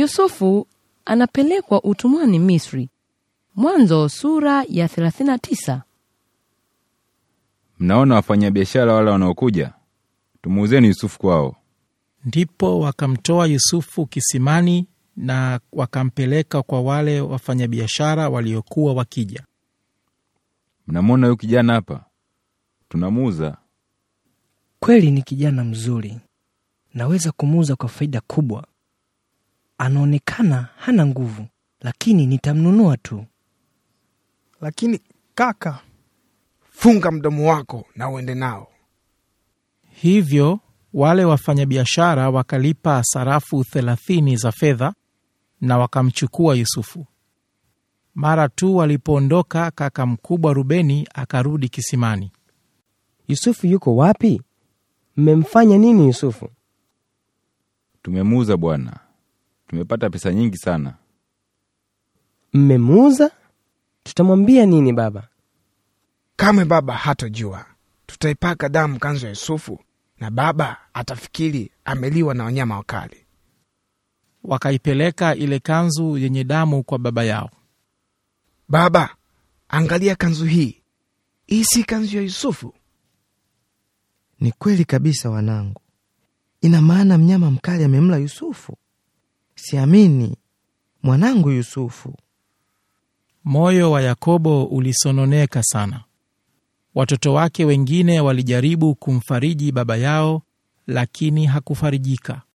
Yusufu anapelekwa utumwani Misri. Mwanzo sura ya 39. Mnaona wafanyabiashara wale wanaokuja, tumuuzeni Yusufu kwao. Ndipo wakamtoa Yusufu kisimani na wakampeleka kwa wale wafanyabiashara waliokuwa wakija. Mnamwona huyu kijana hapa, tunamuuza. Kweli ni kijana mzuri, naweza kumuuza kwa faida kubwa anaonekana hana nguvu, lakini nitamnunua tu. Lakini kaka, funga mdomo wako na uende nao. Hivyo wale wafanyabiashara wakalipa sarafu thelathini za fedha na wakamchukua Yusufu. Mara tu walipoondoka, kaka mkubwa Rubeni akarudi kisimani. Yusufu yuko wapi? Mmemfanya nini Yusufu? Tumemuuza bwana, Tumepata pesa nyingi sana. Mmemuuza? Tutamwambia nini baba? Kamwe baba hatojua. Tutaipaka damu kanzu ya Yusufu na baba atafikiri ameliwa na wanyama wakali. Wakaipeleka ile kanzu yenye damu kwa baba yao. Baba, angalia kanzu hii, hii si kanzu ya Yusufu. Ni kweli kabisa wanangu, ina maana mnyama mkali amemla Yusufu siamini mwanangu Yusufu. Moyo wa Yakobo ulisononeka sana. Watoto wake wengine walijaribu kumfariji baba yao, lakini hakufarijika.